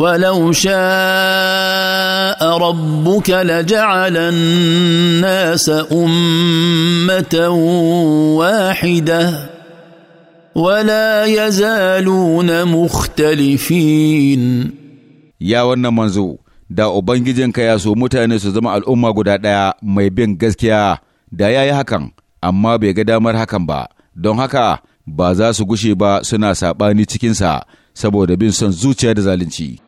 ولو شاء ربك لجعل الناس امه واحده ولا يزالون مختلفين يا wannan manzo da ubangijinka ya so mutane su zama al'umma guda ɗaya mai bin gaskiya da ya yi hakan amma bai ga damar hakan ba don haka ba za su gushe ba suna saɓani cikinsa saboda bin son zuciya da zalunci.